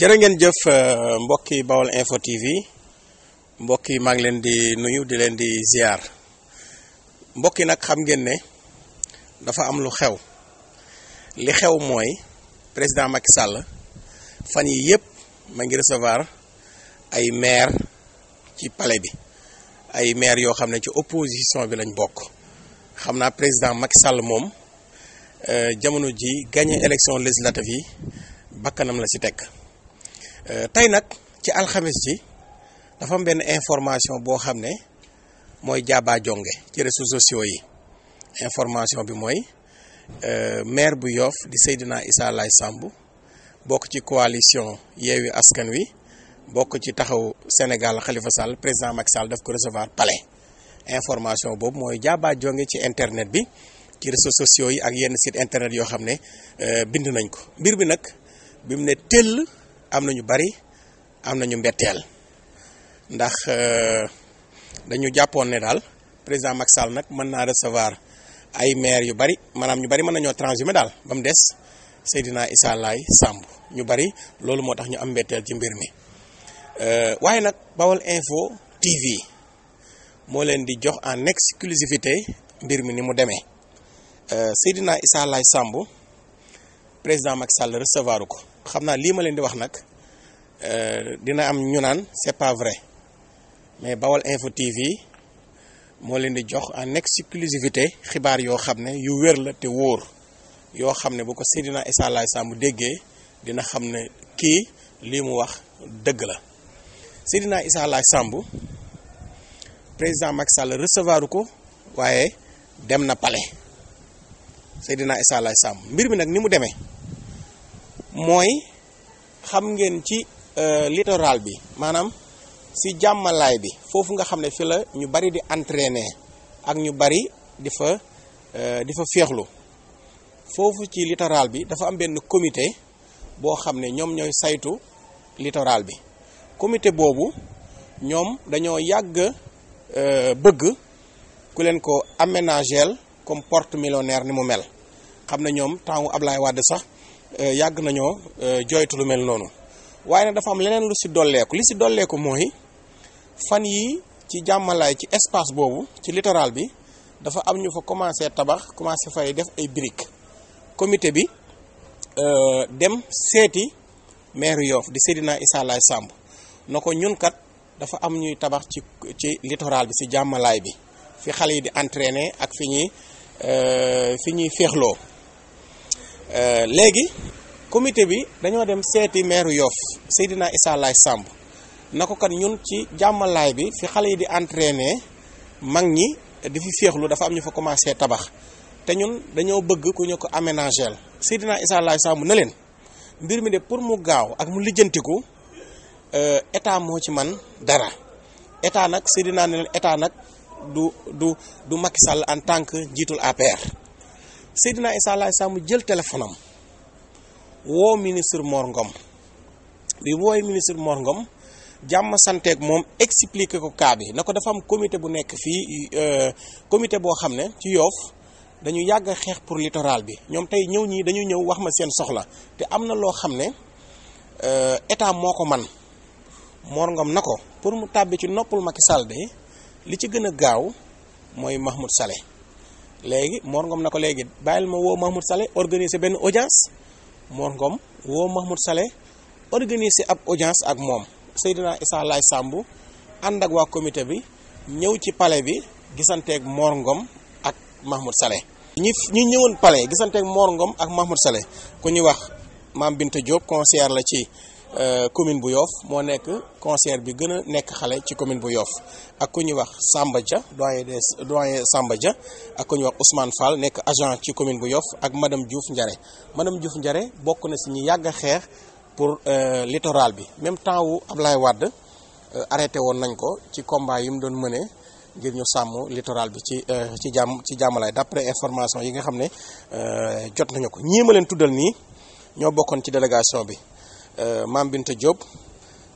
jërë ngeen jëf euh, mbokki Baol Info TV mbokki maa ngi leen di nuyu di leen di ziar mbokki nag xam ngeen ne dafa am lu xew li xew mooy président Macky Sall fan yi yëpp ma ngi recevoir ay maire ci pale bi ay maire yoo xam ne ci opposition bi lañ bokk xam naa président Macky Sall moom euh, jamono ji gagné élection législative yi bakkanam la si tekk Euh, tey nag ci alxames ji dafa am benn information boo xam ne mooy jaabaa jonge ci réseaux sociaux yi information bi mooy euh, maire bu Yoff di Seydina Issa Laye Samb bokk ci coalition Yewwi Askan Wi bokk ci taxaw Sénégal xalifa Sall président Macky Sall daf ko recevoir palais information boobu mooy jaabaa jonge ci internet bi ci réseaux sociaux yi ak yenn site internet yoo xam ne euh, bind nañ ko mbir bi nag bi mu ne tëll am na ñu bari am na ñu mbetteel ndax euh, dañu jàppoon ne daal président Macky Sall nag mën naa recevoir ay maire yu bari maanaam ñu bari mën nañoo transhumé daal ba mu des Seydina Issa Laye Samb ñu bari loolu moo tax ñu am mbetteel ci mbir mi euh, waaye nag Bawol Info TV moo leen di jox en exclusivité mbir mi ni mu demee euh, Seydina Issa Laye Samb président Macky Sall recevoir ko xam naa lii ma leen di wax nag. Euh, dina am ñu naan c'est pas vrai mais Bawal Info TV moo leen di jox en exclusivité xibaar yoo xam ne yu wér la te wóor yoo xam ne bu ko Seydina Issa Laye Samb déggee dina xam ne kii lii mu wax dëgg la Seydina Issa Laye Samb président Macky Sall recevoir ko waaye dem na pale Seydina Issa Laye Samb mbir mi nag ni mu demee mooy xam ngeen ci. Euh, littoral bi maanaam si jàmmalaay bi foofu nga xam ne fi la ñu bari di entraîner ak ñu bari di fa euh, di fa féexlu foofu ci littoral bi dafa am benn comité boo xam ne ñoom ñooy saytu littoral bi comité boobu ñoom dañoo yàgg euh, bëgg ku leen ko aménageel comme porte millionnaire ni mu mel xam ne ñoom temps wu Ablaye Wade sax yàgg nañoo joytu lu mel noonu waaye nag dafa am leneen lu si dolleeku li si dolleeku mooy fan yi ci jàmmalaay ci espace boobu ci littoral bi dafa am ñu fa commencé tabax commencé fay def ay briques comité bi euh, dem seeti maire Yoff di Seydina Issa Laye Samb na ko ñun kat dafa am ñuy tabax ci ci littoral bi si jàmmalaay bi fi xale yi di entraîner ak fi ñuy euh, fi ñuy féexloo euh, léegi comité bi dañoo dem seeti meeru Yoff Seydina Issa Laye na ko kan ñun ci jàmmalaay bi fi xale yi di entraîner mag ñi di fi féexlu dafa am ñu fa commencé tabax te ñun dañoo bëgg ku ñu ko aménagel Seydina Issa Laye Samb na leen mbir mi de pour mu gaaw ak mu lijjantiku euh, état moo ci man dara état nag Seydina ne leen état nag du du du Macky Sall en tant que njiitul APR Seydina Issa Laye Samb jël téléphone am woo ministre Mor Ngom bi wooy ministre Mor Ngom jàmm santeeg moom expliquer ko cas bi na ko dafa am komité bu nekk fii euh, comité boo xam ne ci yoof dañu yàgg xeex pour littoral bi ñoom tey ñëw ñii dañu ñëw wax ma seen soxla te am na loo xam ne euh, état moo ko man Mor Ngom na ko pour mu tàbbi ci noppul Macky Sall de li ci gën a gaaw mooy Mahmoud Saleh léegi Mor Ngom na ko léegi bàyyil ma woo Mahmoud Saleh organiser benn audience Mor Ngom woo Mahmoud Saleh organiser ab audience ak moom Seydina Issa Laye Samb ànd ak waa comité bi ñëw ci pale bi gisanteeg Mor Ngom ak Mahmoud sale ñi ñëwoon pale gisanteeg Mor Ngom ak Mahmoud sale ku ñuy wax Mame Binta Diop conseillère la ci Euh, commune bu Yoff moo nekk concert bi gën a nekk xale ci commune bu Yoff ak ku ñuy wax Samba Dia doyen de doyen Samba Dia ak ku ñuy wax Ousmane Fall nekk agent ci commune bu Yoff ak madame Diouf njare madame Diouf Ndiare bokk na si ñi yàgg xeex pour euh, littoral bi même temps wu Ablaye Wade euh, arrêté woon nañ ko ci combat yi mu doon mënee ngir ñu sàmm littoral bi ci ci jàmm ci jàmmalaay d'après information yi nga xam ne jot nañu ko ñii ma leen tuddal nii ñoo bokkoon ci délégation bi Euh, Mame Binta Diop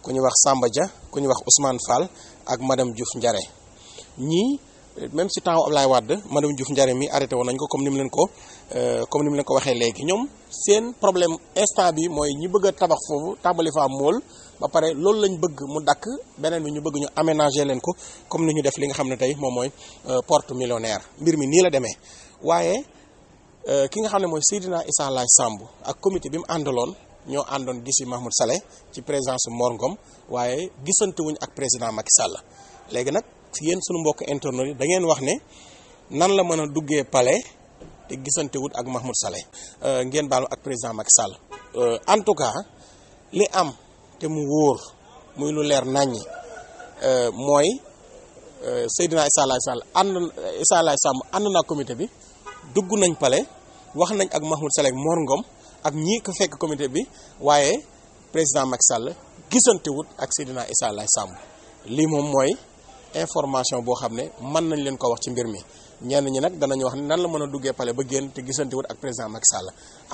ku ñu wax Samba ja ku ñu wax Ousmane Fall ak madame Diouf njare ñii même si temps Ablaye Wade madame Diouf Ndiare mi arrêté woon nañ ko comme ni mu leen ko euh, comme ni mu leen ko waxee léegi ñoom seen problème instant bi mooy ñi bëgg a tabax foofu tàmbali faa mool ba pare loolu lañ bëgg mu dakk beneen bi ñu bëgg ñu aménager leen ko comme ni ñu def li nga xam ne tey moom mooy euh, porte millionnaire mbir mi nii la demee waaye ki nga xam ne mooy Seydina Issa Laye Samb ak comité bi mu àndaloon. ñoo àndoon gisi Mahmoud Saleh ci présidence Mor waaye gisante ak président Macky Sall léegi nag yéen sunu mbokk internautes yi da ngeen wax ne nan la mën a duggee pale te gisante wut ak Mahmoud Saleh euh, ngeen baal ak président Macky Sall euh, en tout cas li am te mu wóor muy lu leer naññi euh, mooy Seydina Issa Laye Sall ànd Issa Laye Samb ànd naa comité bi dugg nañ pale wax nañ ak Mahmoud Saleh Mor ak ñii ko fekk comité bi waaye président Macky Sall gisantewut ak Seydina Issa Laye Samb lii moom mooy information boo xam ne mën nañ leen ko wax ci mbir mi ñenn ñi nag danañu wax ne nan la mën a duggee palais ba génn te gisante wut ak président Macky Sall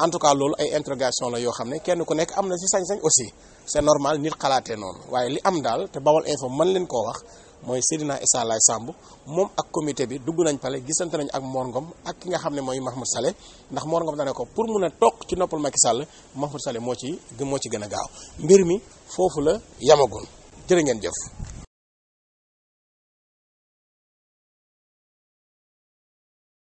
en tout cas loolu ay interrogation la yoo xam ne kenn ku nekk na ci sañ-sañ aussi c'est normal nit xalaatee noonu li am daal te Bawol Info mën leen koo wax mooy Seydina Issa Laye Samb moom ak comité bi dugg nañ pale gisante nañ ak Mor ak ki nga xam ne mooy Mahmoud Saleh ndax Mor Ngom ko pour mun a toog ci noppal Macky Sall Mahmoud Saleh moo ci moo ci gën a gaaw mbir mi foofu la yamagul jërë ngeen jëf